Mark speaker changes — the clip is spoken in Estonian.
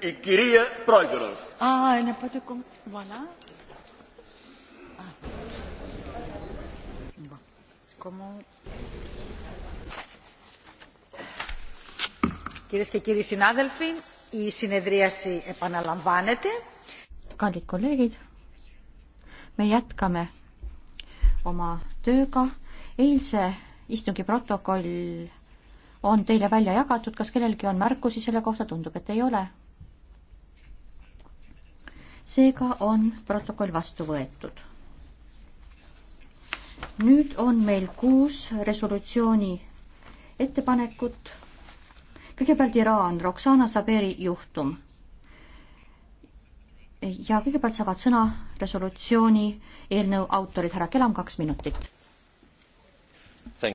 Speaker 1: η κυρία Πρόεδρος. Α,
Speaker 2: να πάτε κομμάτι. Voilà.
Speaker 3: Comment... Κυρίες και κύριοι συνάδελφοι, η συνεδρίαση επαναλαμβάνεται.
Speaker 4: Kallid kolleegid, me jätkame oma tööga. Eilse istungi protokoll on teile välja jagatud. Kas kellelgi on märkusi selle kohta? Tundub, et ei ole seega on protokoll vastu võetud. nüüd on meil kuus resolutsiooni ettepanekut. kõigepealt Iraan, Roxana Saberi juhtum. ja kõigepealt saavad sõna resolutsiooni eelnõu autorid, härra Kelam, kaks minutit